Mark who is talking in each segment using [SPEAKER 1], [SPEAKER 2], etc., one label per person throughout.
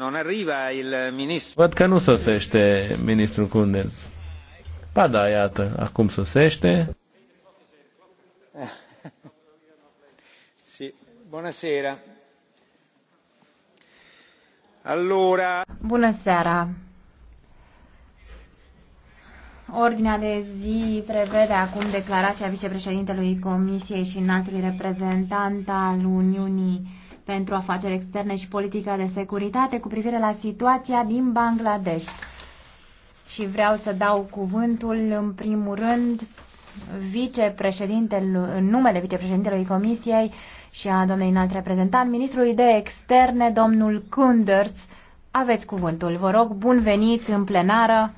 [SPEAKER 1] Non arriva il Văd că nu sosește ministrul Cunders. Pa da, iată, acum
[SPEAKER 2] sosește.
[SPEAKER 3] sì, buonasera. Allora...
[SPEAKER 2] Bună seara. Ordinea de zi prevede acum declarația vicepreședintelui Comisiei și înaltului reprezentant al Uniunii pentru afaceri externe și politica de securitate cu privire la situația din Bangladesh. Și vreau să dau cuvântul, în primul rând, vicepreședintelui, în numele vicepreședintelui Comisiei și a domnului înalt reprezentant, ministrului de externe, domnul Kunders. Aveți cuvântul, vă rog, bun venit în plenară.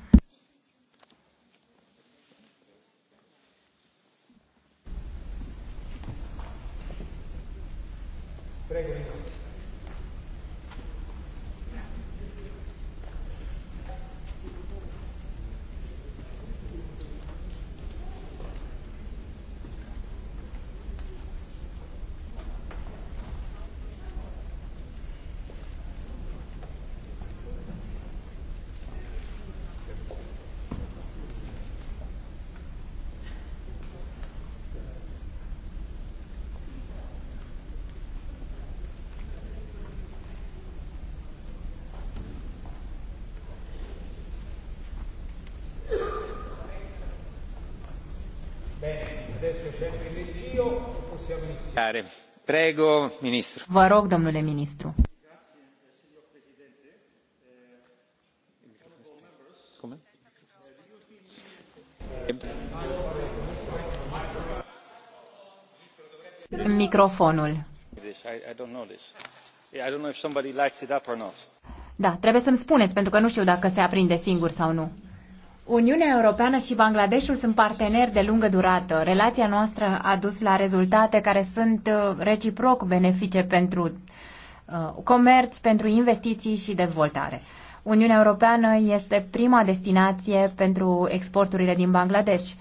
[SPEAKER 3] Adesso c'è il privilegio, possiamo
[SPEAKER 2] iniziare. Prego, ministru. Vă rog, domnule ministru. Microfonul. Da, trebuie să-mi spuneți, pentru că nu știu dacă se aprinde singur sau nu. Uniunea Europeană și Bangladeshul sunt parteneri de lungă durată. Relația noastră a dus la rezultate care sunt uh, reciproc benefice pentru uh, comerț, pentru investiții și dezvoltare. Uniunea Europeană este prima destinație pentru exporturile din Bangladesh.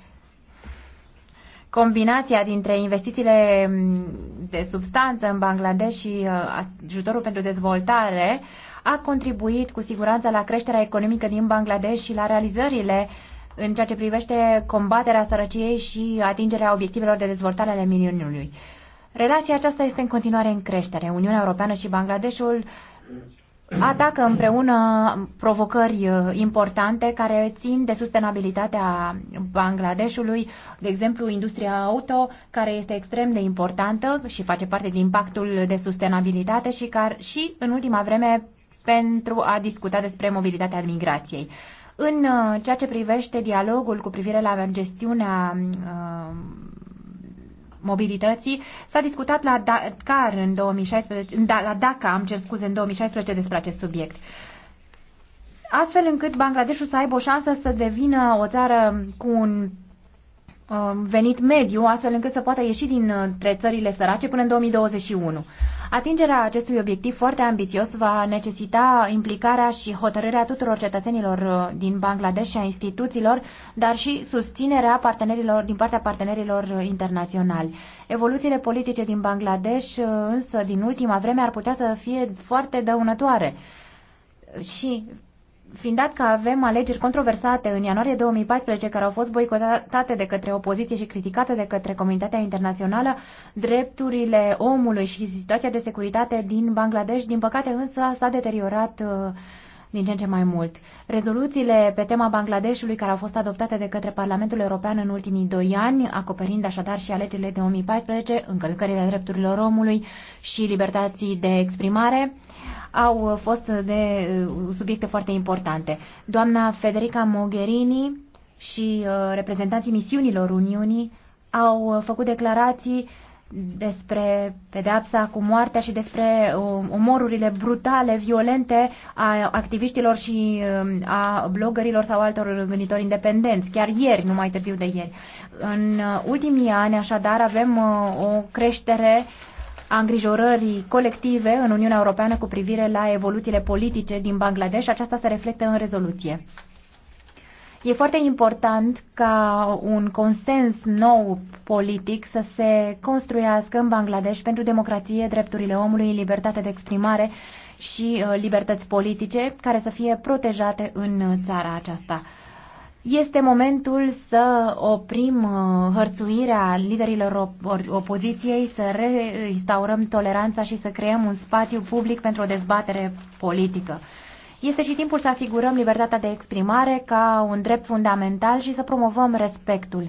[SPEAKER 2] Combinația dintre investițiile mm, de substanță în Bangladesh și uh, ajutorul pentru dezvoltare a contribuit cu siguranță la creșterea economică din Bangladesh și la realizările în ceea ce privește combaterea sărăciei și atingerea obiectivelor de dezvoltare ale mileniului. Relația aceasta este în continuare în creștere. Uniunea Europeană și Bangladeshul atacă împreună provocări uh, importante care țin de sustenabilitatea Bangladeshului, de exemplu industria auto, care este extrem de importantă și face parte din pactul de sustenabilitate și care și în ultima vreme pentru a discuta despre mobilitatea migrației. În uh, ceea ce privește dialogul cu privire la gestiunea uh, mobilității. S-a discutat la Dakar în 2016, da, la DACA, am cer scuze, în 2016 despre acest subiect. Astfel încât Bangladeshul să aibă o șansă să devină o țară cu un uh, venit mediu, astfel încât să poată ieși dintre țările sărace până în 2021. Atingerea acestui obiectiv foarte ambițios va necesita implicarea și hotărârea tuturor cetățenilor uh, din Bangladesh și a instituțiilor, dar și susținerea partenerilor din partea partenerilor uh, internaționali. Evoluțiile politice din Bangladesh, uh, însă, din ultima vreme ar putea să fie foarte dăunătoare. Și Fiind dat că avem alegeri controversate în ianuarie 2014 care au fost boicotate de către opoziție și criticate de către comunitatea internațională, drepturile omului și situația de securitate din Bangladesh, din păcate însă, s-a deteriorat uh, din ce în ce mai mult. Rezoluțiile pe tema Bangladeshului care au fost adoptate de către Parlamentul European în ultimii doi ani, acoperind așadar și alegerile de 2014, încălcările drepturilor omului și libertății de exprimare, uh, au fost de uh, subiecte foarte importante. Doamna Federica Mogherini și uh, reprezentanții misiunilor Uniunii au uh, făcut declarații despre pedepsa cu moartea și despre omorurile brutale, violente a activiștilor și a blogărilor sau altor gânditori independenți, chiar ieri, nu mai târziu de ieri. În ultimii ani, așadar, avem o creștere a îngrijorării colective în Uniunea Europeană cu privire la evoluțiile politice din Bangladesh. Aceasta se reflectă în rezoluție. E foarte important ca un consens nou politic să se construiască în Bangladesh pentru democrație, drepturile omului, libertate de exprimare și uh, libertăți politice care să fie protejate în țara aceasta. Este momentul să oprim uh, hărțuirea liderilor opoziției, să reinstaurăm toleranța și să creăm un spațiu public pentru o dezbatere politică. Este și timpul să asigurăm libertatea de exprimare ca un drept fundamental și să promovăm respectul.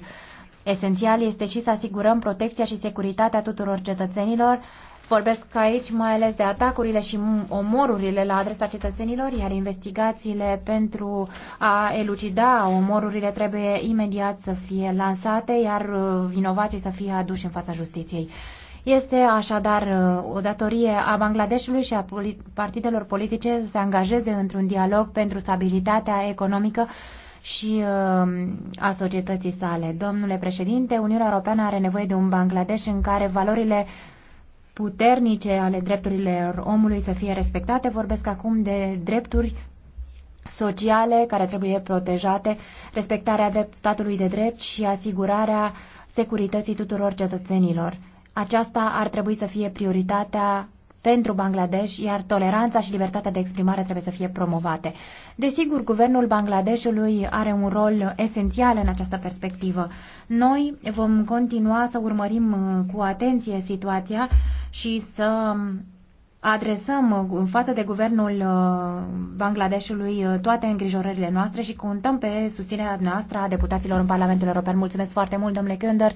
[SPEAKER 2] Esențial este și să asigurăm protecția și securitatea tuturor cetățenilor, Vorbesc aici mai ales de atacurile și omorurile la adresa cetățenilor, iar investigațiile pentru a elucida omorurile trebuie imediat să fie lansate, iar uh, vinovații să fie aduși în fața justiției. Este așadar uh, o datorie a Bangladeshului și a partidelor politice să se angajeze într-un dialog pentru stabilitatea economică și uh, a societății sale. Domnule președinte, Uniunea Europeană are nevoie de un Bangladesh în care valorile puternice ale drepturilor omului să fie respectate. Vorbesc acum de drepturi sociale care trebuie protejate, respectarea drept, statului de drept și asigurarea securității tuturor cetățenilor. Aceasta ar trebui să fie prioritatea pentru Bangladesh, iar toleranța și libertatea de exprimare trebuie să fie promovate. Desigur, guvernul Bangladeshului are un rol esențial în această perspectivă. Noi vom continua să urmărim uh, cu atenție situația și să um, adresăm în uh, față de guvernul uh, Bangladeshului toate îngrijorările noastre și contăm pe susținerea noastră a deputaților în Parlamentul European. Mulțumesc foarte mult, domnule Kenders.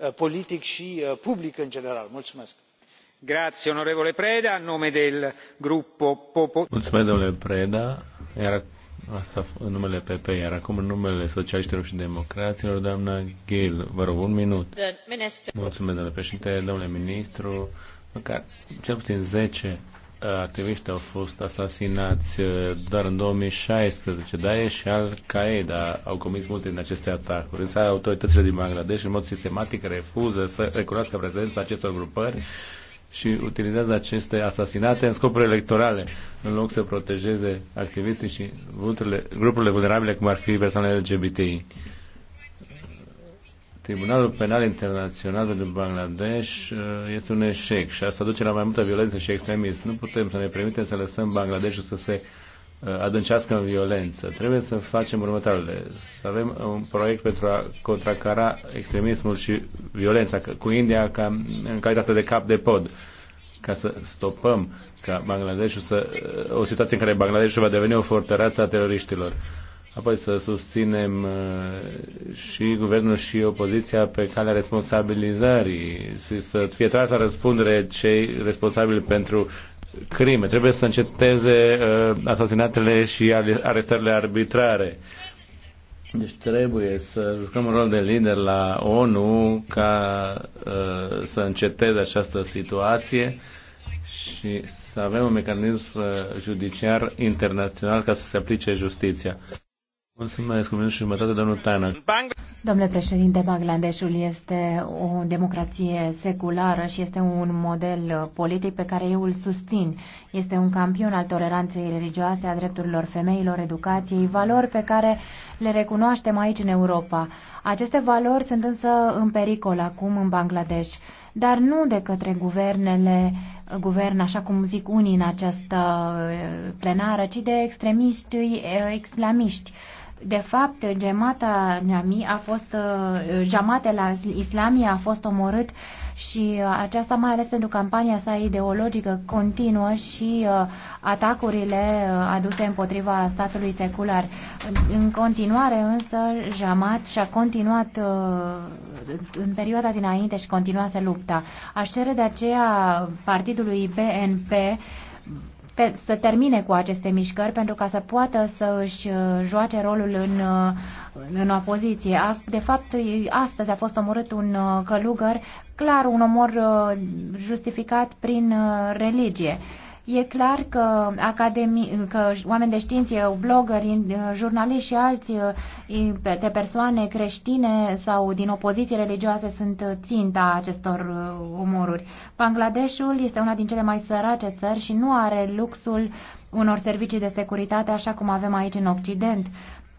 [SPEAKER 4] Eh, politic și eh, public în general. mulțumesc.
[SPEAKER 3] Mulțumesc,
[SPEAKER 1] domnule Preda. Iar asta în numele PP, iar acum în numele socialiștilor și democraților, doamna Gil, vă rog, un minut. Mulțumesc, domnule președinte, domnule ministru, măcar cel puțin zece activiști au fost asasinați uh, doar în 2016. Daesh și Al-Qaeda au comis multe din aceste atacuri. Însă autoritățile din Bangladesh în mod sistematic refuză să recunoască prezența acestor grupări și utilizează aceste asasinate în scopuri electorale, în loc să protejeze activiștii și grupurile vulnerabile, cum ar fi persoanele LGBTI. Tribunalul Penal Internațional pentru Bangladesh uh, este un eșec și asta duce la mai multă violență și extremism. Nu putem să ne permitem să lăsăm Bangladeshul să se uh, adâncească în violență. Trebuie să facem următoarele. Să avem un proiect pentru a contracara extremismul și violența cu India ca, în calitate de cap de pod ca să stopăm ca Bangladeshul să, uh, o situație în care Bangladeshul va deveni o fortăreață a teroriștilor apoi să susținem uh, și guvernul și opoziția pe calea responsabilizării și să fie trată răspundere cei responsabili pentru crime. Trebuie să înceteze uh, asasinatele și arestările arbitrare. Deci trebuie să jucăm un rol de lider la ONU ca uh, să înceteze această situație și să avem un mecanism uh, judiciar internațional ca să se aplice justiția. Mulțumesc, un minut și jumătate, domnul Tanak.
[SPEAKER 2] Domnule președinte, Bangladeshul este o democrație seculară și este un model politic pe care eu îl susțin. Este un campion al toleranței religioase, a drepturilor femeilor, educației, valori pe care le recunoaștem aici în Europa. Aceste valori sunt însă în pericol acum în Bangladesh, dar nu de către guvernele guvern, așa cum zic unii în această plenară, ci de extremiști islamiști. Eh, de fapt, Gemata Nami a fost, uh, Jamate la Islamia a fost omorât și uh, aceasta mai ales pentru campania sa ideologică continuă și uh, atacurile aduse împotriva statului secular. În continuare însă, Jamat și-a continuat în perioada dinainte și continua să lupta. Aș cere de aceea partidului BNP pe, să termine cu aceste mișcări pentru ca să poată să își uh, joace rolul în, uh, în opoziție. De fapt, astăzi a fost omorât un uh, călugăr, clar un omor justificat prin religie. E clar că, academi- că oameni de știință, blogări, jurnaliști și alți de eh, persoane creștine sau din opoziție religioase sunt ținta acestor omoruri. Eh, Bangladeshul este una din cele mai sărace țări și nu are luxul unor servicii de securitate așa cum avem aici în Occident.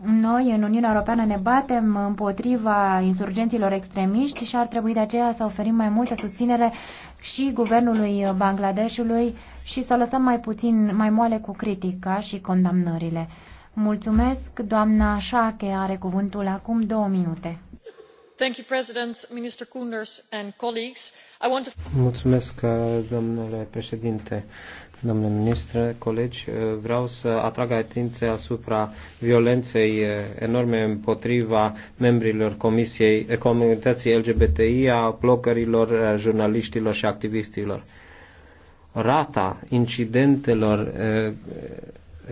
[SPEAKER 2] Noi, în Uniunea Europeană, ne batem împotriva insurgenților extremiști și ar trebui de aceea să oferim mai multă susținere și guvernului Bangladeshului și să lăsăm mai puțin mai moale cu critica și condamnările. Mulțumesc, doamna Șache are cuvântul acum două minute.
[SPEAKER 3] Mulțumesc, domnule președinte, domnule ministru, colegi. Uh, vreau să atrag atenția asupra violenței uh, enorme împotriva membrilor comisiei, eh, comunității LGBTI, a blogărilor, jurnaliștilor și activiștilor. Rata incidentelor eh,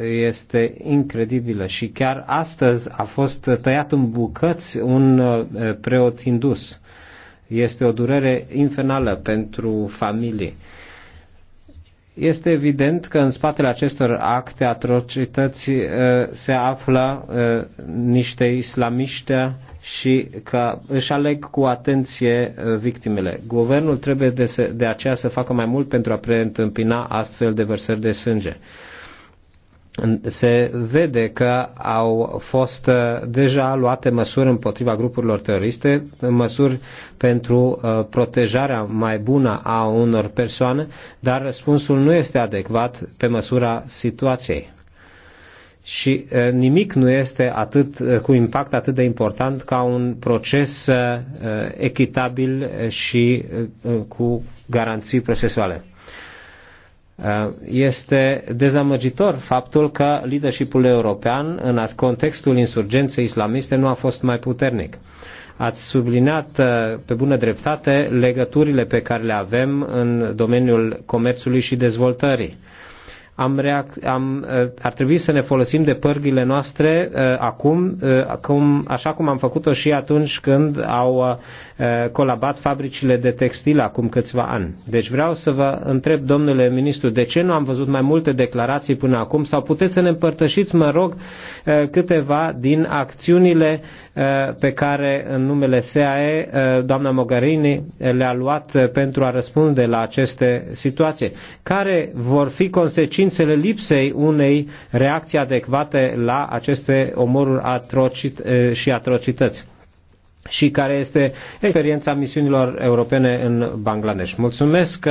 [SPEAKER 3] este incredibilă și chiar astăzi a fost tăiat în bucăți un uh, preot hindus. Este o durere infernală pentru familii. Este evident că în spatele acestor acte, atrocități, uh, se află uh, niște islamiști și că își aleg cu atenție victimele. Guvernul trebuie de, de aceea să facă mai mult pentru a preîntâmpina astfel de vărsări de sânge se vede că au fost uh, deja luate măsuri împotriva grupurilor teroriste, măsuri pentru uh, protejarea mai bună a unor persoane, dar răspunsul nu este adecvat pe măsura situației. Și uh, nimic nu este atât, cu impact atât de important ca un proces echitabil și cu garanții procesuale. Uh, este dezamăgitor faptul că leadershipul european în contextul insurgenței islamiste nu a fost mai puternic. Ați subliniat uh, pe bună dreptate legăturile pe care le avem în domeniul comerțului și dezvoltării. Am reac- am, uh, ar trebui să ne folosim de pârghile noastre uh, acum, uh, acum, așa cum am făcut-o și atunci când au Eh, colabat fabricile de textil acum câțiva ani. Deci vreau să vă întreb, domnule ministru, de ce nu am văzut mai multe declarații până acum sau puteți să ne împărtășiți, mă rog, eh, câteva din acțiunile eh, pe care în numele SAE doamna Mogherini le-a luat pentru a răspunde la aceste situații. Care vor fi consecințele lipsei unei reacții adecvate la aceste omoruri atrocit- și atrocități? și care este experiența misiunilor europene în Bangladesh. Mulțumesc,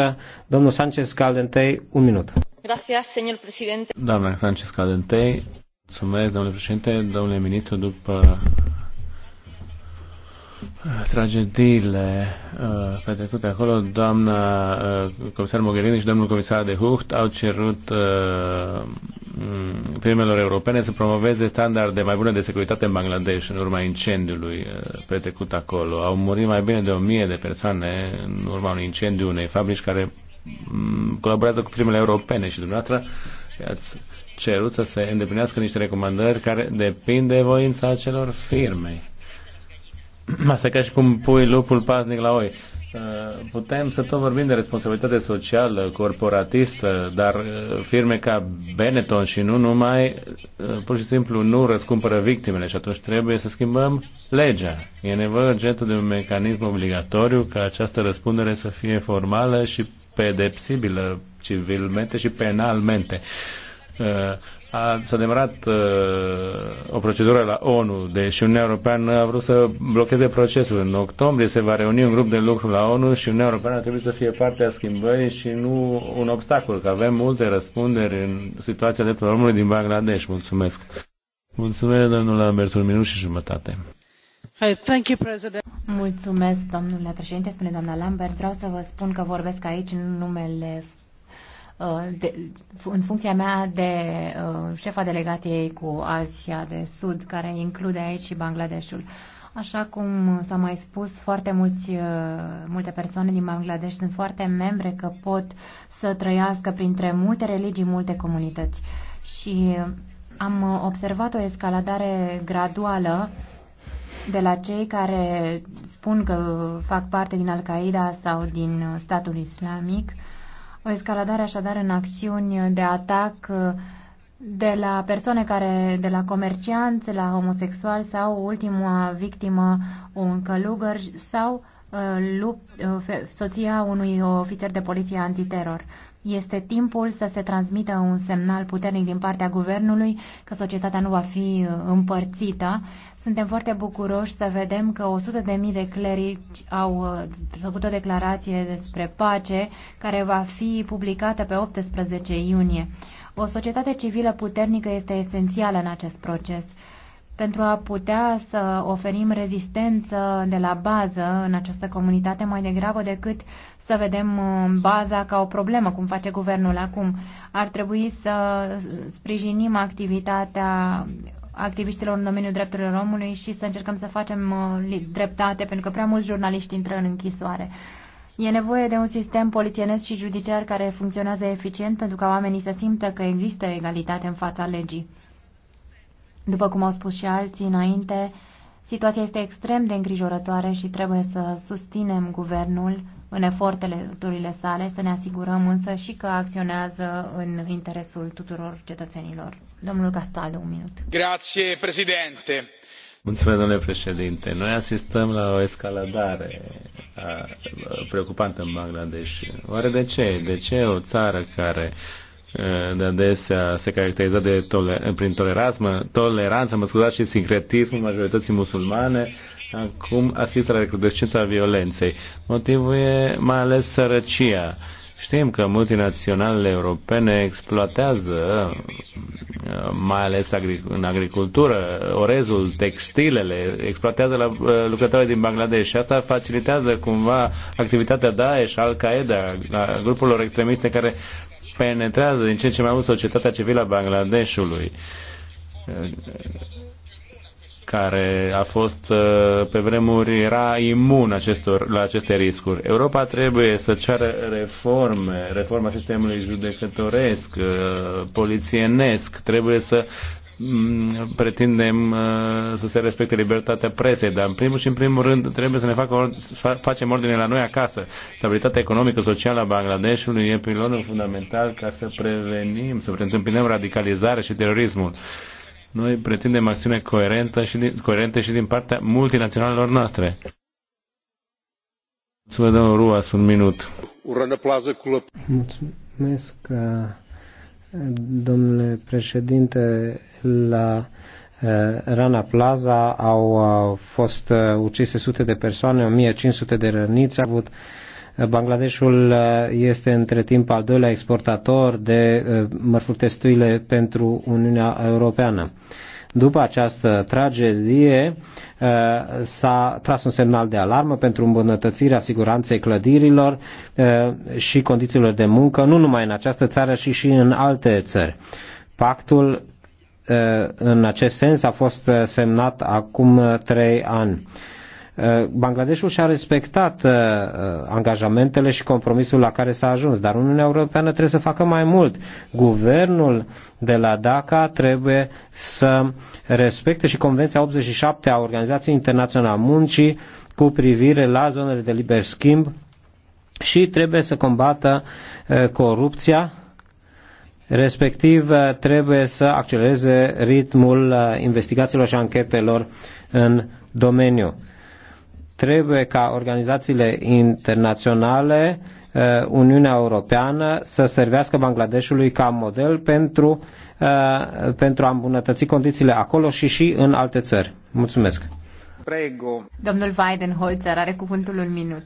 [SPEAKER 3] domnul Sanchez Caldentei, un minut.
[SPEAKER 2] Gracias, señor presidente.
[SPEAKER 3] Doamna Sanchez Caldentei, mulțumesc, domnule președinte, domnule ministru, după
[SPEAKER 1] uh, tragediile uh, petrecute acolo, doamna uh, comisar Mogherini și domnul comisar de Hucht au cerut uh, Mm, firmelor europene să promoveze standarde mai bune de securitate în Bangladesh în urma incendiului uh, petrecut acolo. Au murit mai bine de o mie de persoane în urma unui incendiu unei fabrici care mm, colaborează cu firmele europene și dumneavoastră ați cerut să se îndeplinească niște recomandări care depind de voința acelor firme. Asta ca și cum pui lupul paznic la oi. Putem să tot vorbim de responsabilitate socială, corporatistă, dar uh, firme ca Benetton și nu numai, uh, pur și simplu nu răscumpără victimele și atunci trebuie să schimbăm legea. E nevoie urgentul de un mecanism obligatoriu ca această răspundere să fie formală și pedepsibilă civilmente și penalmente uh, a, s-a demarat uh, o procedură la ONU, deși Uniunea Europeană a vrut să blocheze procesul. În octombrie se va reuni un grup de lucru la ONU și Uniunea Europeană trebuie să fie parte a schimbării și nu un obstacol, că avem multe răspunderi în situația de omului din Bangladesh. Mulțumesc. Mulțumesc, domnule Lambert, un minut și jumătate.
[SPEAKER 2] Thank you, President. Mulțumesc, domnule președinte, spune doamna Lambert. Vreau să vă spun că vorbesc aici în numele Uh, de, în funcția mea de uh, șefa delegației cu Asia de Sud, care include aici și Bangladeshul. Așa cum s-a mai spus, foarte mulți, uh, multe persoane din Bangladesh sunt foarte membre că pot să trăiască printre multe religii, multe comunități. Și am observat o escaladare graduală de la cei care spun că fac parte din Al-Qaeda sau din statul islamic o escaladare așadar în acțiuni de atac uh, de la persoane care, de la comercianți, la homosexuali sau ultima victimă, un călugăr sau uh, lup, uh, soția unui ofițer de poliție antiteror. Este timpul să se transmită un semnal puternic din partea guvernului că societatea nu va fi împărțită suntem foarte bucuroși să vedem că 100.000 de, de clerici au uh, făcut o declarație despre pace care va fi publicată pe 18 iunie. O societate civilă puternică este esențială în acest proces. Pentru a putea să oferim rezistență de la bază în această comunitate mai degrabă decât să vedem uh, baza ca o problemă, cum face guvernul acum. Ar trebui să sprijinim activitatea activiștilor în domeniul drepturilor omului și să încercăm să facem uh, dreptate, pentru că prea mulți jurnaliști intră în închisoare. E nevoie de un sistem polițienesc și judiciar care funcționează eficient pentru ca oamenii să simtă că există egalitate în fața legii. După cum au spus și alții înainte, Situația este extrem de îngrijorătoare și trebuie să susținem guvernul în eforturile sale, să ne asigurăm însă și că acționează în interesul tuturor cetățenilor. Domnul Castaldo, un minut.
[SPEAKER 4] Grație, președinte.
[SPEAKER 1] Mulțumesc, domnule președinte. Noi asistăm la o escaladare preocupantă în Bangladesh. Oare de ce? De ce o țară care de adesea se caracteriza de toler- prin toleranță, toleranță, mă scuzați, și sincretismul majorității musulmane, acum asistă la recrudescența violenței. Motivul e mai ales sărăcia Știm că multinaționalele europene exploatează, mai ales în agricultură, orezul, textilele, exploatează la uh, lucrătorii din Bangladesh și asta facilitează cumva activitatea Daesh, Al-Qaeda, a grupurilor extremiste care penetrează din ce în ce mai mult societatea civilă a Bangladeshului care a fost uh, pe vremuri era imun acestor, la aceste riscuri. Europa trebuie să ceară reforme, reforma sistemului judecătoresc, uh, polițienesc, trebuie să mm, pretindem uh, să se respecte libertatea presei, dar în primul și în primul rând trebuie să ne facă, să facem ordine la noi acasă. Stabilitatea economică socială a Bangladeshului e pilonul fundamental ca să prevenim, să preîntâmpinăm radicalizarea și terorismul. Noi pretindem acțiune coerentă și din, coerente și din partea multinaționalelor noastre. Să vă dăm Ruas un minut.
[SPEAKER 3] Mulțumesc, uh, domnule președinte, la uh, Rana Plaza au uh, fost ucise sute de persoane, 1500 de răniți, au avut Bangladeshul uh, este între timp al doilea exportator de uh, mărfuri textile pentru Uniunea Europeană. După această tragedie uh, s-a tras un semnal de alarmă pentru îmbunătățirea siguranței clădirilor și condițiilor de muncă, nu numai în această țară, ci și în alte țări. Pactul în acest sens a fost semnat acum trei ani Uh, Bangladeshul și-a respectat uh, uh, angajamentele și compromisul la care s-a ajuns, dar Uniunea Europeană trebuie să facă mai mult. Guvernul de la Dhaka trebuie să respecte și Convenția 87 a Organizației Internaționale a Muncii cu privire la zonele de liber schimb și trebuie să combată corupția, respectiv trebuie să accelereze ritmul investigațiilor și anchetelor în domeniu. Trebuie ca organizațiile internaționale, uh, Uniunea Europeană, să servească Bangladeshului ca model pentru, uh, pentru a îmbunătăți condițiile acolo și și în alte țări. Mulțumesc! Prego.
[SPEAKER 2] Domnul Weidenholzer are cuvântul un minut.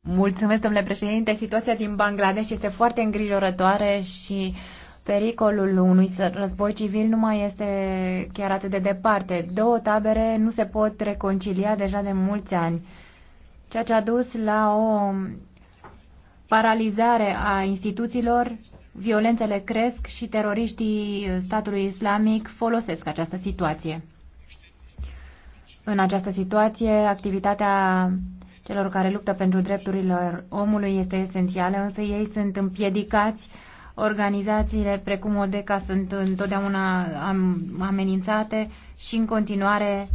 [SPEAKER 2] Mulțumesc, domnule președinte. Situația din Bangladesh este foarte îngrijorătoare și uh, pericolul unui război civil nu mai este chiar atât de departe. Două tabere nu se pot reconcilia deja de mulți ani, ceea ce a dus la o paralizare a instituțiilor, violențele cresc și teroriștii statului islamic folosesc această situație. În această situație, activitatea celor care luptă pentru drepturile omului este esențială, însă ei sunt împiedicați uh, Organizațiile precum ODECA sunt întotdeauna amenințate și în continuare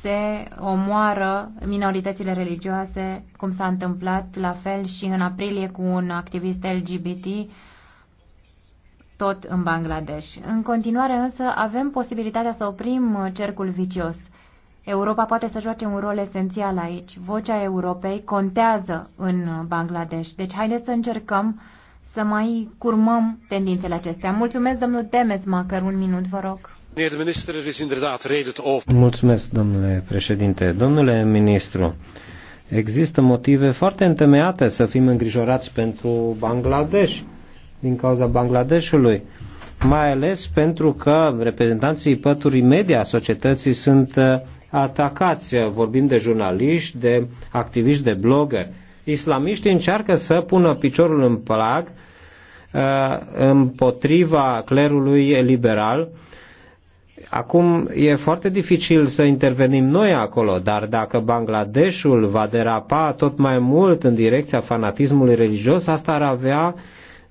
[SPEAKER 2] se omoară minoritățile religioase, cum s-a întâmplat la fel și în aprilie cu un activist LGBT, tot în Bangladesh. În continuare însă avem posibilitatea să oprim cercul vicios. Europa poate să joace un rol esențial aici. Vocea Europei contează în Bangladesh. Deci haideți să încercăm uh, să mai curmăm tendințele acestea. Mulțumesc, domnul măcar un minut, vă rog.
[SPEAKER 1] Er
[SPEAKER 3] Mulțumesc, domnule președinte. Domnule ministru, există motive foarte întemeiate să fim îngrijorați pentru Bangladesh, din cauza Bangladeshului, mai ales pentru că reprezentanții păturii media a societății sunt uh, atacați. Vorbim de jurnaliști, de activiști, de blogger. Islamiștii încearcă să pună piciorul în plac Uh, împotriva clerului liberal. Acum e foarte dificil să intervenim noi acolo, dar dacă Bangladeshul va derapa tot mai mult în direcția fanatismului religios, asta ar avea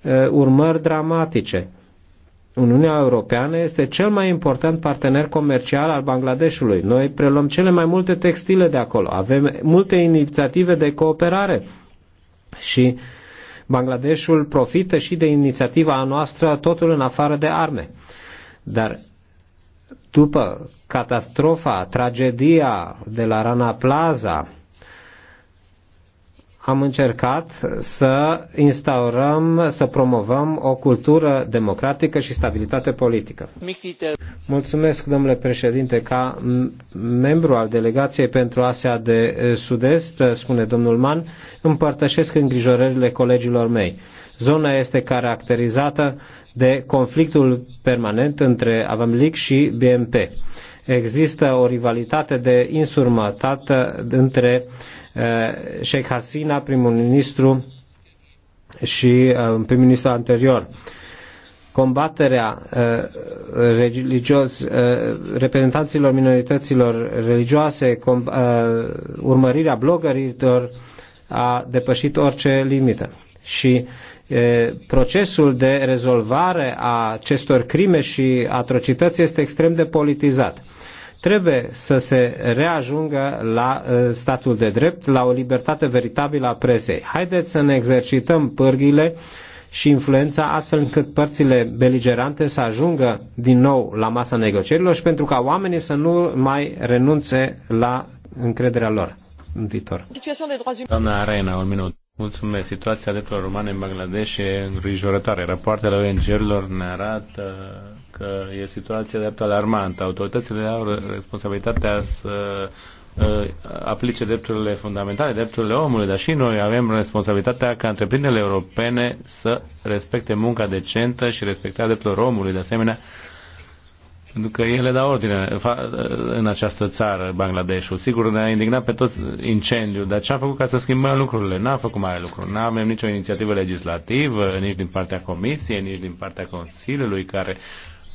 [SPEAKER 3] uh, urmări dramatice. Uniunea Europeană este cel mai important partener comercial al Bangladeshului. Noi preluăm cele mai multe textile de acolo. Avem multe inițiative de cooperare și uh, Bangladeshul profită și de inițiativa noastră totul în afară de arme. Dar după catastrofa, tragedia de la Rana Plaza, am încercat să instaurăm, să promovăm o cultură democratică și stabilitate politică. Mulțumesc, domnule președinte, ca membru al delegației pentru Asia de Sud-Est, spune domnul Man, împărtășesc îngrijorările colegilor mei. Zona este caracterizată de conflictul permanent între Avamlic și BMP. Există o rivalitate de insurmătată între uh, Eh, Sheikh Hasina, primul ministru și eh, prim-ministru anterior combaterea eh, religios, reprezentanților minorităților religioase, urmărirea blogărilor a depășit orice limită. Și procesul de rezolvare a acestor crime și atrocități este extrem de politizat. Trebuie să se reajungă la uh, statul de drept, la o libertate veritabilă a presei. Haideți să ne exercităm pârghile și influența astfel încât părțile beligerante să ajungă din nou la masa negocierilor și pentru ca oamenii să nu mai renunțe la încrederea lor în viitor. Doamna Arena,
[SPEAKER 1] un minut. Mulțumesc. Situația drepturilor umane în Bangladesh e îngrijorătoare. Rapoartele ONG-urilor ne arată că e situația drept alarmantă. Autoritățile au responsabilitatea să uh, aplice drepturile fundamentale, drepturile omului, dar și noi avem responsabilitatea ca întreprinderile europene să respecte munca decentă și respectarea drepturilor omului, de asemenea, pentru că ele dau ordine în această țară, Bangladeshul. Sigur, ne-a indignat pe toți incendiu, dar ce am făcut ca să schimbăm lucrurile? N-am făcut mare lucru. Nu avem nicio inițiativă legislativă, nici din partea Comisiei, nici din partea Consiliului, care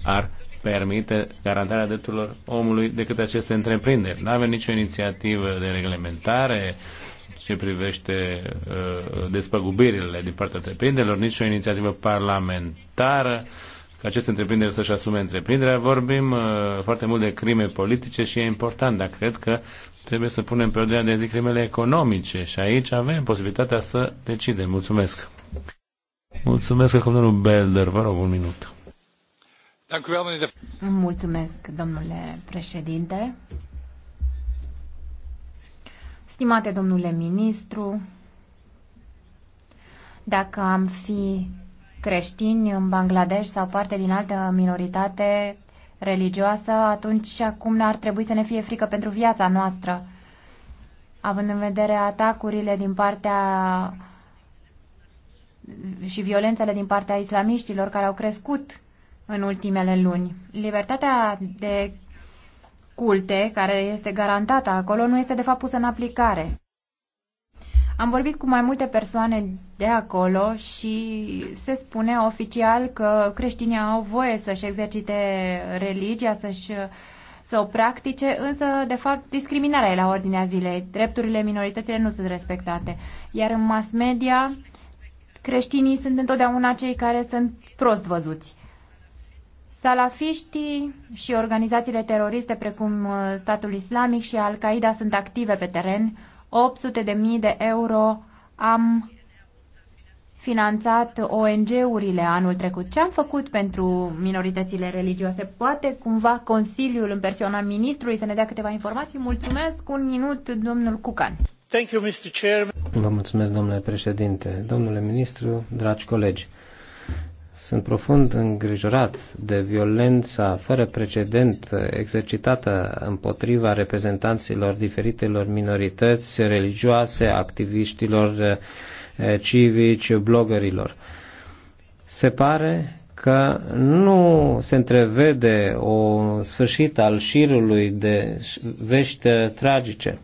[SPEAKER 1] ar permite garantarea drepturilor omului de câte aceste întreprinderi. Nu avem nicio inițiativă de reglementare ce privește uh, despăgubirile din partea întreprinderilor, nicio inițiativă parlamentară ca aceste întreprinderi să-și asume întreprinderea. Vorbim uh, foarte mult de crime politice și e important, dar cred că trebuie să punem pe ordinea de zi crimele economice și aici avem posibilitatea să decidem. Mulțumesc! Mulțumesc domnul Belder, vă rog
[SPEAKER 4] un minut.
[SPEAKER 2] Mulțumesc, domnule președinte. Stimate domnule ministru, dacă am fi creștini în Bangladesh sau parte din altă minoritate religioasă, atunci acum ar trebui să ne fie frică pentru viața noastră. Având în vedere atacurile din partea și violențele din partea islamiștilor care au crescut în ultimele luni. Libertatea de culte, care este garantată acolo, nu este de fapt pusă în aplicare. Am vorbit cu mai multe persoane de acolo și se spune oficial că creștinii au voie să-și exercite religia, să-și să o practice, însă, de fapt, discriminarea e la ordinea zilei. Drepturile minorităților nu sunt respectate. Iar în mass media, creștinii sunt întotdeauna cei care sunt prost văzuți. Salafiștii și organizațiile teroriste precum uh, statul islamic și Al-Qaeda sunt active pe teren. 800 de mii de euro am finanțat ONG-urile anul trecut. Ce am făcut pentru minoritățile religioase? Poate cumva Consiliul în persoana ministrului să ne dea câteva informații? Mulțumesc. Un minut, domnul Cucan. Thank
[SPEAKER 4] you, Mr. Chairman. Vă
[SPEAKER 3] mulțumesc, domnule președinte. Domnule ministru, dragi colegi, sunt profund îngrijorat de violența fără precedent exercitată împotriva reprezentanților diferitelor minorități religioase, activiștilor eh, civici, blogărilor. Se pare că nu se întrevede o sfârșit al șirului de vești tragice.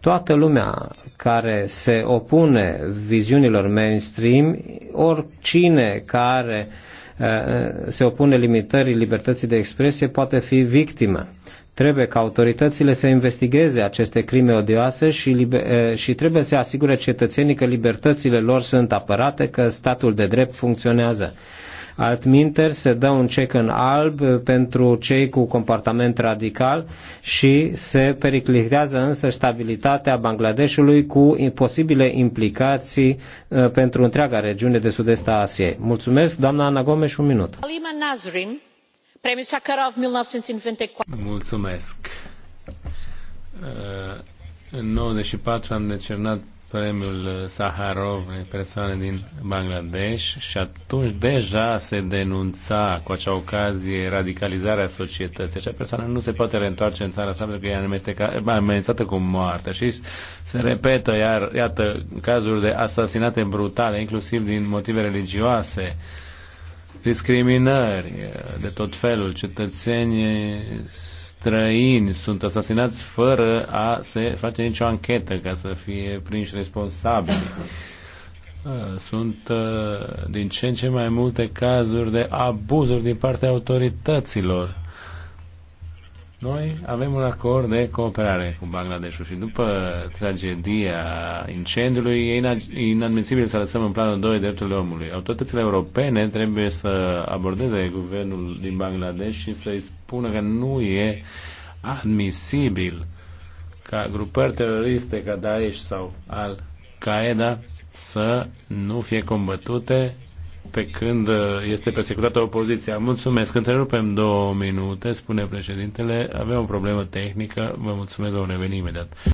[SPEAKER 3] Toată lumea care se opune viziunilor mainstream, oricine care uh, se opune limitării libertății de expresie poate fi victimă. Trebuie ca autoritățile să investigheze aceste crime odioase și, uh, și trebuie să asigure cetățenii că libertățile lor sunt apărate, că statul de drept funcționează. Altminteri se dă un cec în alb pentru cei cu comportament radical și se periclitează însă stabilitatea Bangladeshului cu posibile implicații uh, pentru întreaga regiune de sud-est a Asiei. Mulțumesc, doamna Ana Gomes, un minut. Nazrin, Sakharov 1994. Mulțumesc.
[SPEAKER 1] Uh, în 94 am decernat premiul Saharov persoane din Bangladesh și atunci deja se denunța cu acea ocazie radicalizarea societății. Acea persoană nu se poate reîntoarce în țara sa pentru că e amenințată cu moartea și se repetă iar, iată, cazuri de asasinate brutale, inclusiv din motive religioase discriminări de tot felul, cetățenii străini sunt asasinați fără a se face nicio anchetă ca să fie prinși responsabili. Uh, sunt uh, din ce în ce mai multe cazuri de abuzuri din partea autorităților noi avem un acord de cooperare cu Bangladeshul și după tragedia incendiului e inadmisibil să lăsăm în planul 2 drepturile omului. Autoritățile europene trebuie să abordeze guvernul din Bangladesh și să-i spună că nu e admisibil ca grupări teroriste ca Daesh sau Al-Qaeda să nu fie combătute pe când uh, este persecutată opoziția. Mulțumesc. Întrerupem două minute, spune președintele. Avem o problemă tehnică. Vă mulțumesc, vom reveni imediat.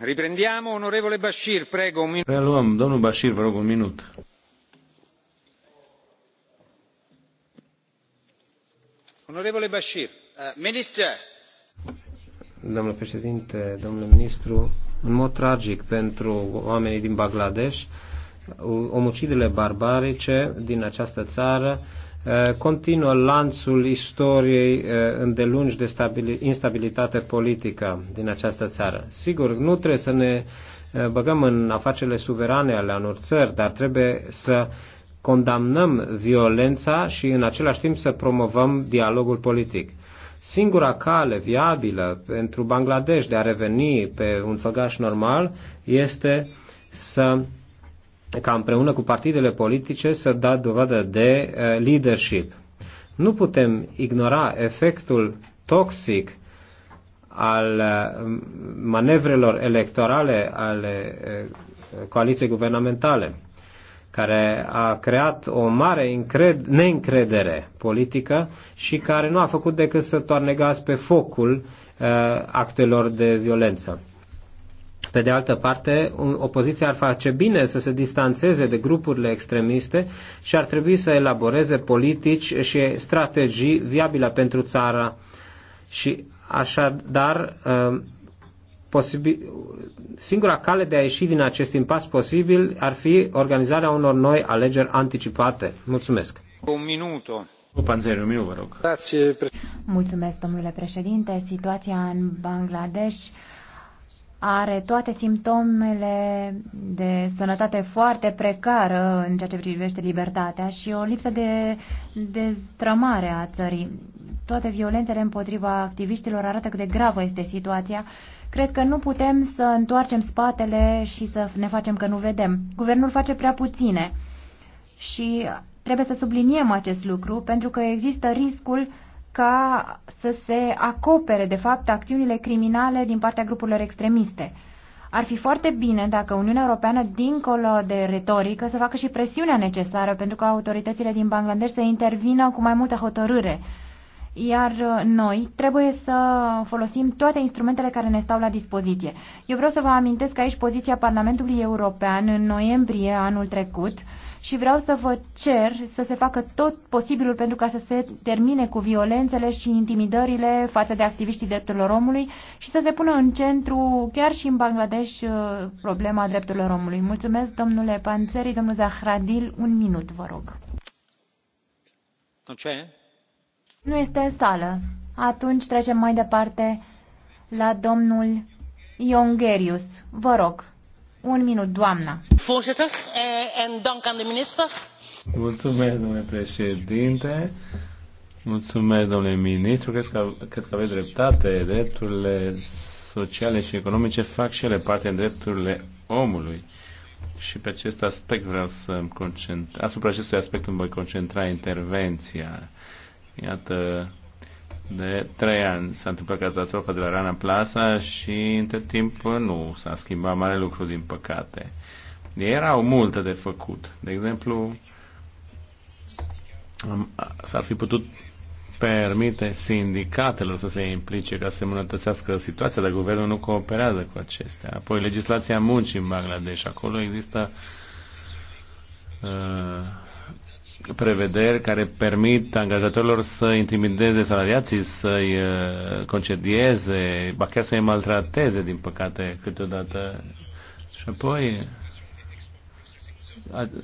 [SPEAKER 3] Riprendiamo, onorevole Bashir, prego un minut. Reluăm, domnul Bashir,
[SPEAKER 1] vă rog un minut.
[SPEAKER 4] Onorevole Bashir, uh, minister.
[SPEAKER 3] Domnule președinte, domnule ministru, în mod tragic pentru oamenii din Bangladesh, omucidele barbarice din această țară Eh, continuă lanțul istoriei eh, îndelungi de instabilitate politică din această țară. Sigur, nu trebuie să ne eh, băgăm în afacerile suverane ale unor țări, dar trebuie să condamnăm violența și în același timp să promovăm dialogul politic. Singura cale viabilă pentru Bangladesh de a reveni pe un făgaș normal este să ca împreună cu partidele politice să da dovadă de eh, leadership. Nu putem ignora efectul toxic al eh, manevrelor electorale ale eh, coaliției guvernamentale, care a creat o mare încred- neîncredere politică și care nu a făcut decât să toarne gaz pe focul actelor de violență. Pe de altă parte, opoziția ar face bine să se distanțeze de grupurile extremiste și ar trebui să elaboreze politici și strategii viabile pentru țara. Și așadar, um, posibil, singura cale de a ieși din acest impas posibil ar fi organizarea unor noi alegeri anticipate. Mulțumesc. Un minut. Panzeriu,
[SPEAKER 4] vă rog.
[SPEAKER 2] Mulțumesc, domnule președinte. Situația în Bangladesh are toate simptomele de sănătate foarte precară în ceea ce privește libertatea și o lipsă de destrămare a țării. Toate violențele împotriva activiștilor arată cât de gravă este situația. Cred că nu putem să întoarcem spatele și să ne facem că nu vedem. Guvernul face prea puține și trebuie să subliniem acest lucru pentru că există riscul ca să se acopere, de fapt, acțiunile criminale din partea grupurilor extremiste. Ar fi foarte bine dacă Uniunea Europeană, dincolo de retorică, să facă și presiunea necesară pentru ca autoritățile din Bangladesh să intervină cu mai multă hotărâre. Iar uh, noi trebuie să folosim toate instrumentele care ne stau la dispoziție. Eu vreau să vă amintesc aici poziția Parlamentului European în noiembrie anul trecut, uh, și vreau să vă cer să se facă tot posibilul pentru ca să se termine cu violențele și intimidările față de activiștii drepturilor omului și să se pună în centru, chiar și în Bangladesh, uh, problema drepturilor omului. Mulțumesc, domnule Panțeri, domnul Zahradil, un minut, vă rog. Ce? Nu este în sală. Atunci trecem mai departe la domnul Iongerius. Vă rog. Un minut, doamna. Eh,
[SPEAKER 1] Mulțumesc, domnule președinte. Mulțumesc, domnule ministru. Cred că, cred că aveți dreptate. Drepturile sociale și economice fac și ele parte în drepturile omului. Și pe acest aspect vreau să concentrez. asupra acestui aspect îmi voi concentra intervenția. Iată, de trei ani s-a întâmplat catastrofa de la Rana Plaza și între timp nu s-a schimbat mare lucru, din păcate. Erau multe de făcut. De exemplu, s-ar fi putut permite sindicatelor să se implice ca să îmbunătățească situația, dar guvernul nu cooperează cu acestea. Apoi, legislația muncii în Bangladesh. Acolo există uh, prevederi care permit angajatorilor să intimideze salariații, să-i uh, concedieze, ba chiar să-i maltrateze, din păcate, câteodată. Și apoi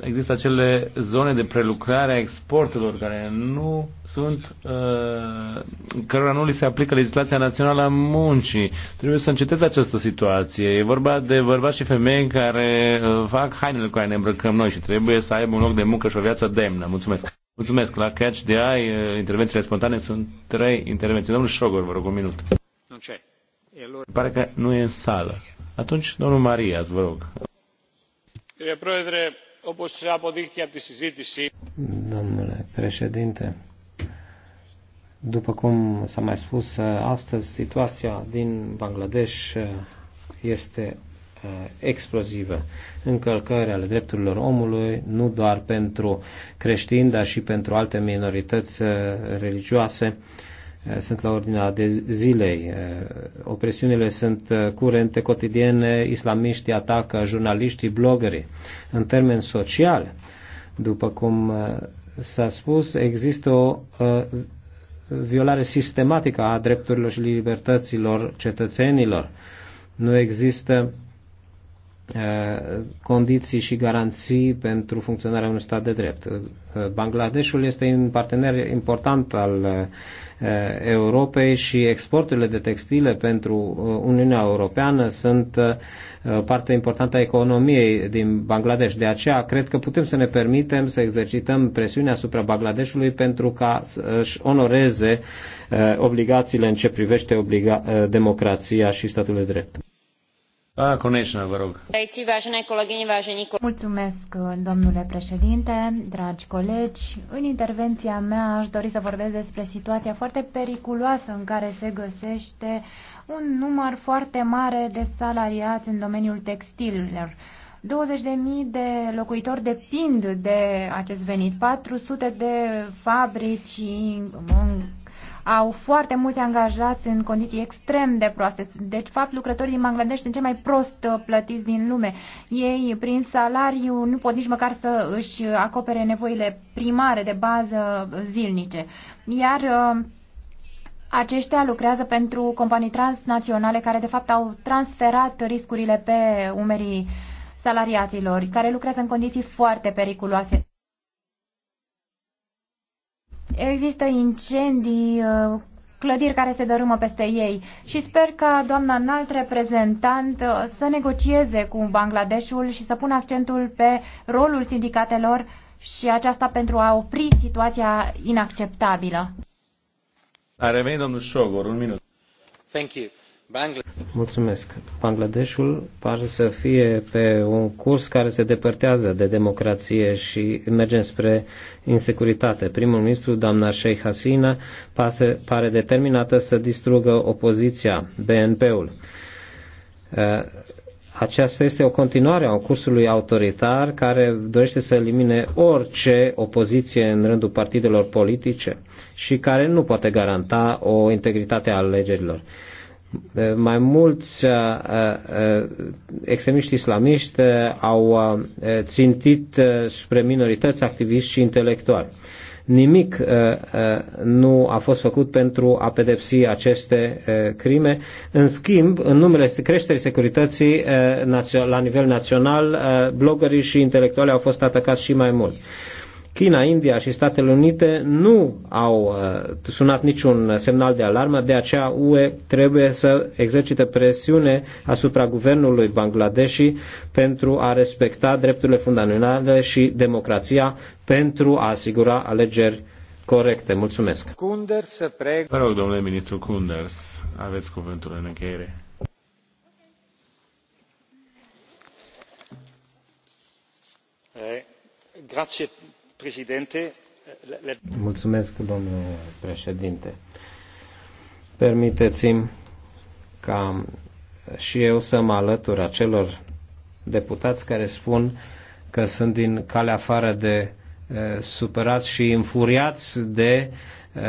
[SPEAKER 1] există acele zone de prelucrare a exporturilor care nu sunt, uh, cărora nu li se aplică legislația națională a muncii. Trebuie să înceteze această situație. E vorba de bărbați și femei care uh, fac hainele cu care ne îmbrăcăm noi și trebuie să aibă un loc de muncă și o viață demnă. Mulțumesc! Mulțumesc! La Catch de AI, uh, intervențiile spontane sunt trei intervenții. Domnul Șogor, vă rog un minut. Nu ce? Pare că nu e în sală. Atunci, domnul Marias, vă rog. Domnule președinte,
[SPEAKER 3] Domnule președinte, după cum s-a mai spus astăzi, situația din Bangladesh uh, este uh, explozivă. Încălcări ale drepturilor omului, nu doar pentru creștini, dar și pentru alte minorități uh, religioase sunt la ordinea de zilei. Eh, opresiunile sunt eh, curente, cotidiene, islamiștii atacă jurnaliștii, blogării. În termen social, după cum eh, s-a spus, există o violare sistematică a drepturilor și libertăților cetățenilor. Nu există uh, Uh, condiții și garanții pentru funcționarea unui stat de drept. Uh, Bangladeshul este un partener important al uh, Europei și exporturile de textile pentru Uniunea Europeană sunt parte importantă a economiei din Bangladesh. De aceea, cred că putem să ne permitem să exercităm presiunea asupra Bangladeshului pentru ca să-și onoreze obligațiile în ce privește obliga- democrația și statul de drept.
[SPEAKER 1] Ah,
[SPEAKER 2] Mulțumesc, domnule președinte, dragi colegi. În intervenția mea aș dori să vorbesc despre situația foarte periculoasă în care se găsește un număr foarte mare de salariați în domeniul textilelor. 20.000 de locuitori depind de acest venit, 400 de fabrici au foarte mulți angajați în condiții extrem de proaste. Deci, fapt, lucrătorii din Bangladesh sunt cei mai prost uh, plătiți din lume. Ei, prin salariu, nu pot nici măcar să își acopere nevoile primare de bază zilnice. Iar uh, aceștia lucrează pentru companii transnaționale care, de fapt, au transferat riscurile pe umerii salariaților, care lucrează în condiții foarte periculoase. Există incendii, uh, clădiri care se dărâmă peste ei și sper ca doamna înalt reprezentant uh, să negocieze cu Bangladeshul și să pună accentul pe rolul sindicatelor și aceasta pentru a opri situația inacceptabilă.
[SPEAKER 4] Are revenit
[SPEAKER 1] domnul Șogor, un minut.
[SPEAKER 4] Thank you.
[SPEAKER 3] Mulțumesc. Bangladeshul pare să fie pe un curs care se depărtează de democrație și merge spre insecuritate. Primul ministru, doamna Sheikh Hasina, pase, pare determinată să distrugă opoziția, BNP-ul. Uh, aceasta este o continuare a cursului autoritar care dorește să elimine orice opoziție în rândul partidelor politice și care nu poate garanta o integritate a alegerilor Eh, mai mulți eh, eh, extremiști islamiști au țintit spre minorități, activiști și intelectuali. Nimic nu a fost făcut pentru a pedepsi aceste crime. În schimb, în numele creșterii securității la nivel național, blogării și intelectuali au fost atacați și mai mult. China, India și Statele Unite nu au uh, sunat niciun semnal de alarmă, de aceea UE trebuie să exercite presiune asupra guvernului Bangladeshi pentru a respecta drepturile fundamentale și democrația pentru a asigura alegeri corecte. Mulțumesc. Vă rog,
[SPEAKER 1] domnule ministru Kunders, aveți cuvântul în încheiere.
[SPEAKER 4] Eh, grazie
[SPEAKER 3] Mulțumesc, domnule președinte. Permiteți-mi ca și eu să mă alătur acelor deputați care spun că sunt din calea afară de uh, supărați și infuriați de uh,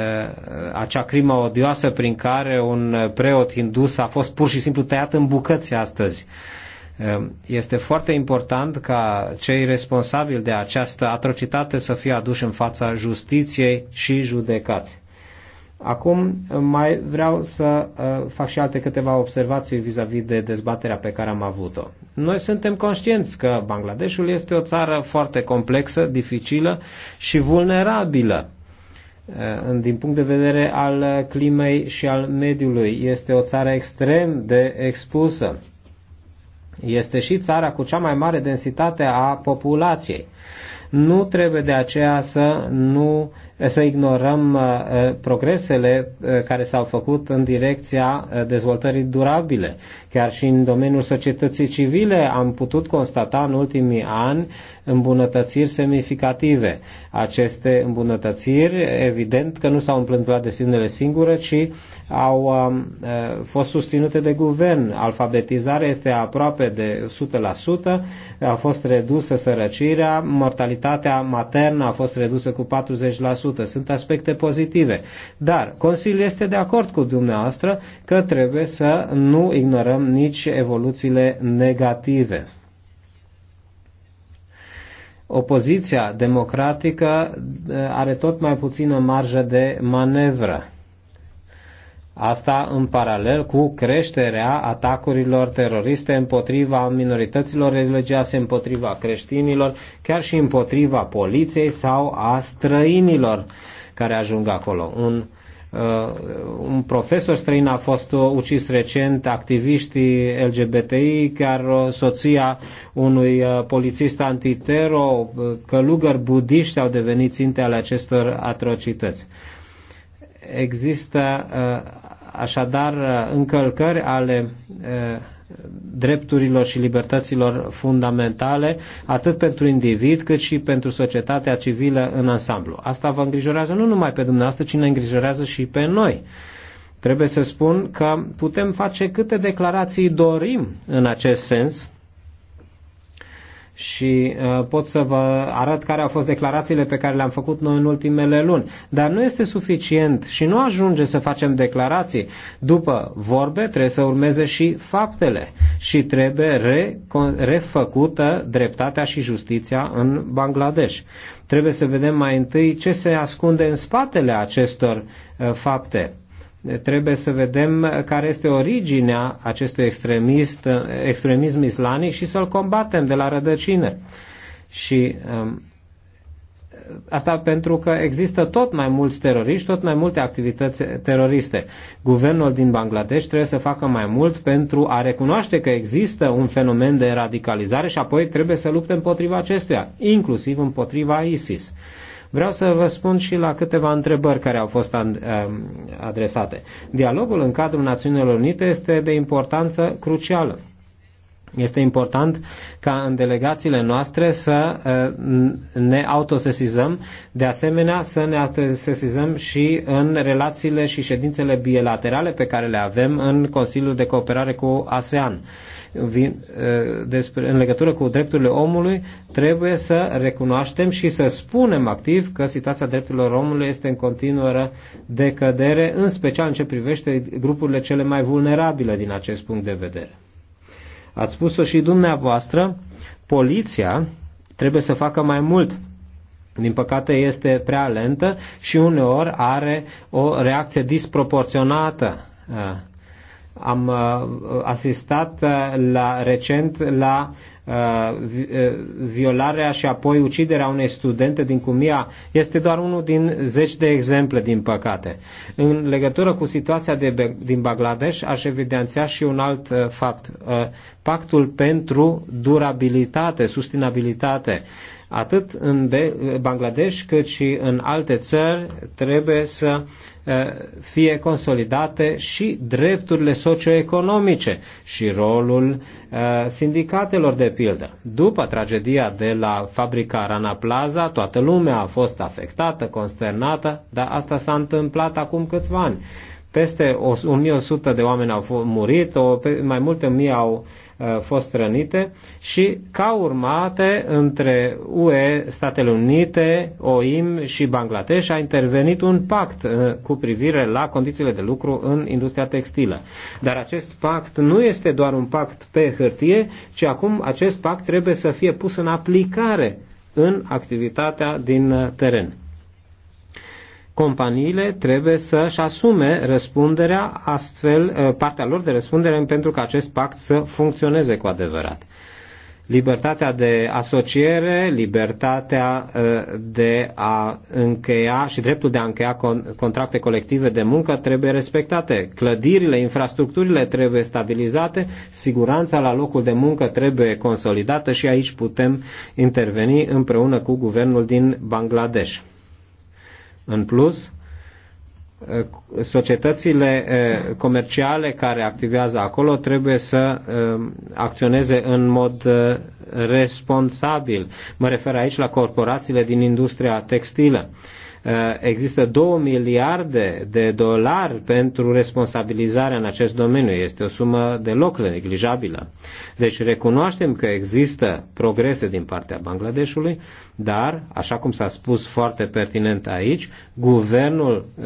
[SPEAKER 3] acea crimă odioasă prin care un preot hindus a fost pur și simplu tăiat în bucăți astăzi. Uh, Ehm, este foarte important ca cei responsabili de această atrocitate să fie aduși în fața justiției și judecați. Acum ehm, mai vreau să ehm, fac și alte câteva observații vis-a-vis -vis de dezbaterea pe care am avut-o. Noi suntem conștienți că Bangladeshul este o țară foarte complexă, dificilă și vulnerabilă din punct de vedere al climei și al mediului. Este o țară extrem de expusă este și țara cu cea mai mare densitate a populației. Nu trebuie de aceea să nu să ignorăm uh, progresele uh, care s-au făcut în direcția uh, dezvoltării durabile. Chiar și în domeniul societății civile am putut constata în ultimii ani îmbunătățiri semnificative. Aceste îmbunătățiri, evident că nu s-au întâmplat de sinele singure, ci au fost susținute de guvern. Alfabetizarea este aproape de 100%, a fost redusă sărăcirea, mortalitatea maternă a fost redusă cu 40%, sunt aspecte pozitive. Dar Consiliul este de acord cu dumneavoastră că trebuie să nu ignorăm nici evoluțiile negative opoziția democratică uh, are tot mai puțină marjă de manevră. Asta în paralel cu creșterea atacurilor teroriste împotriva minorităților religioase, împotriva creștinilor, chiar și împotriva poliției sau a străinilor care ajung acolo. Un, uh, un profesor străin a fost ucis recent, activiștii LGBTI, chiar soția unui uh, polițist antitero, călugări budiști au devenit ținte ale acestor atrocități există uh, așadar încălcări ale drepturilor și libertăților fundamentale, atât pentru individ, cât și pentru societatea civilă în ansamblu. Asta vă îngrijorează nu numai pe dumneavoastră, ci ne îngrijorează și pe noi. Trebuie să spun că putem face câte declarații dorim în acest sens, și uh, pot să vă arăt care au fost declarațiile pe care le-am făcut noi în ultimele luni. Dar nu este suficient și nu ajunge să facem declarații. După vorbe trebuie să urmeze și faptele și trebuie refăcută dreptatea și justiția în Bangladesh. Trebuie să vedem mai întâi ce se ascunde în spatele acestor uh, fapte Trebuie să vedem care este originea acestui extremist, extremism islamic și să-l combatem de la rădăcină. Și um, asta pentru că există tot mai mulți teroriști, tot mai multe activități teroriste. Guvernul din Bangladesh trebuie să facă mai mult pentru a recunoaște că există un fenomen de radicalizare și apoi trebuie să lupte împotriva acestuia, inclusiv împotriva ISIS. Vreau să vă spun și la câteva întrebări care au fost um, adresate. Dialogul în cadrul Națiunilor Unite este de importanță crucială. Este important ca în delegațiile noastre să uh, ne autosesizăm, de asemenea să ne autosesizăm și în relațiile și ședințele bilaterale pe care le avem în Consiliul de Cooperare cu ASEAN vin, despre, în legătură cu drepturile omului, trebuie să recunoaștem și să spunem activ că situația drepturilor omului este în continuă decădere, în special în ce privește grupurile cele mai vulnerabile din acest punct de vedere. Ați spus-o și dumneavoastră, poliția trebuie să facă mai mult din păcate este prea lentă și uneori are o reacție disproporționată am uh, asistat uh, la, recent la uh, violarea și apoi uciderea unei studente din Cumia este doar unul din zeci de exemple, din păcate. În legătură cu situația de, din Bangladesh, aș evidenția și un alt fapt. Pactul pentru durabilitate, sustenabilitate atât în Bangladesh cât și în alte țări trebuie să eh, fie consolidate și drepturile socioeconomice și rolul eh, sindicatelor de pildă. După tragedia de la fabrica Rana Plaza, toată lumea a fost afectată, consternată, dar asta s-a întâmplat acum câțiva ani. Peste 1100 de oameni au murit, mai multe mii au Uh, fost rănite și ca urmate între UE, Statele Unite, OIM și Bangladesh a intervenit un pact uh, cu privire la condițiile de lucru în industria textilă. Dar acest pact nu este doar un pact pe hârtie, ci acum acest pact trebuie să fie pus în aplicare în activitatea din uh, teren companiile trebuie să-și asume răspunderea, astfel, ă, partea lor de răspundere pentru ca acest pact să funcționeze cu adevărat. Libertatea de asociere, libertatea ă, de a încheia și dreptul de a încheia contracte colective de muncă trebuie respectate. Clădirile, infrastructurile trebuie stabilizate, siguranța la locul de muncă trebuie consolidată și aici putem interveni împreună cu guvernul din Bangladesh în plus, eh, societățile eh, comerciale care activează acolo trebuie să eh, acționeze în mod responsabil. Mă refer aici la corporațiile din industria textilă. Eh, există 2 miliarde de dolari pentru responsabilizarea în acest domeniu. Este o sumă deloc neglijabilă. Deci recunoaștem că există progrese din partea Bangladeshului, dar, așa cum s-a spus foarte pertinent aici, guvernul eh,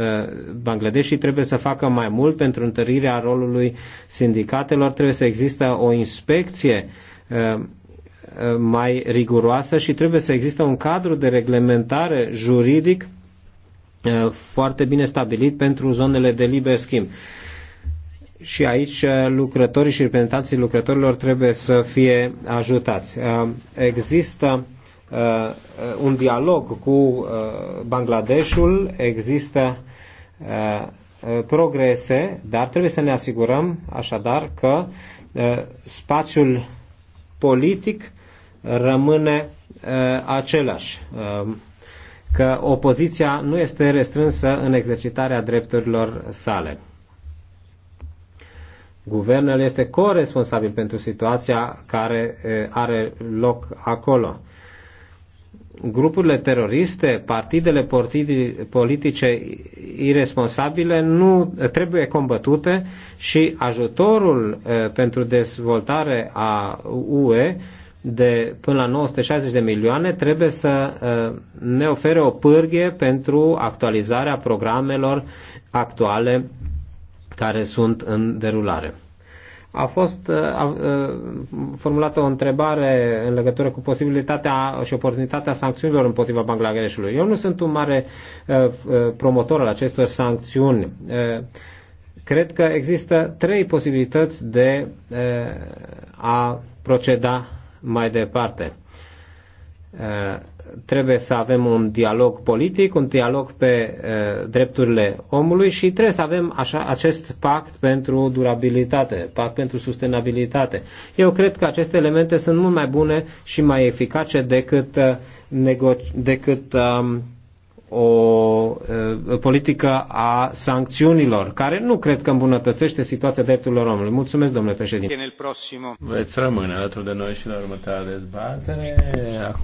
[SPEAKER 3] Bangladeshului trebuie să facă mai mult pentru întărirea rolului sindicatelor. Trebuie să există o inspecție eh, mai riguroasă și trebuie să existe un cadru de reglementare juridic Uh, foarte bine stabilit pentru zonele de liber schimb. Și aici uh, lucrătorii și reprezentanții lucrătorilor trebuie să fie ajutați. Uh, există un dialog cu Bangladeshul, există progrese, dar trebuie să ne asigurăm așadar că spațiul politic rămâne același că opoziția nu este restrânsă în exercitarea drepturilor sale. Guvernul este corresponsabil pentru situația care are loc acolo. Grupurile teroriste, partidele politice irresponsabile nu trebuie combătute și ajutorul pentru dezvoltare a UE de până la 960 de milioane trebuie să uh, ne ofere o pârghie pentru actualizarea programelor actuale care sunt în derulare. A fost uh, a, a, uh, formulată o întrebare în legătură cu posibilitatea și oportunitatea sancțiunilor împotriva Bangladeshului. Eu nu sunt un mare a, promotor al acestor sancțiuni. Cred că există trei posibilități de a proceda mai departe. Uh, trebuie să avem un dialog politic, un dialog pe uh, drepturile omului și trebuie să avem așa, acest pact pentru durabilitate, pact pentru sustenabilitate. Eu cred că aceste elemente sunt mult mai bune și mai eficace decât, uh, decât um, o politică a sancțiunilor, care nu cred că îmbunătățește situația drepturilor omului. Mulțumesc, domnule președinte. Veți rămâne
[SPEAKER 1] alături de noi și la următoarea dezbatere. Acum...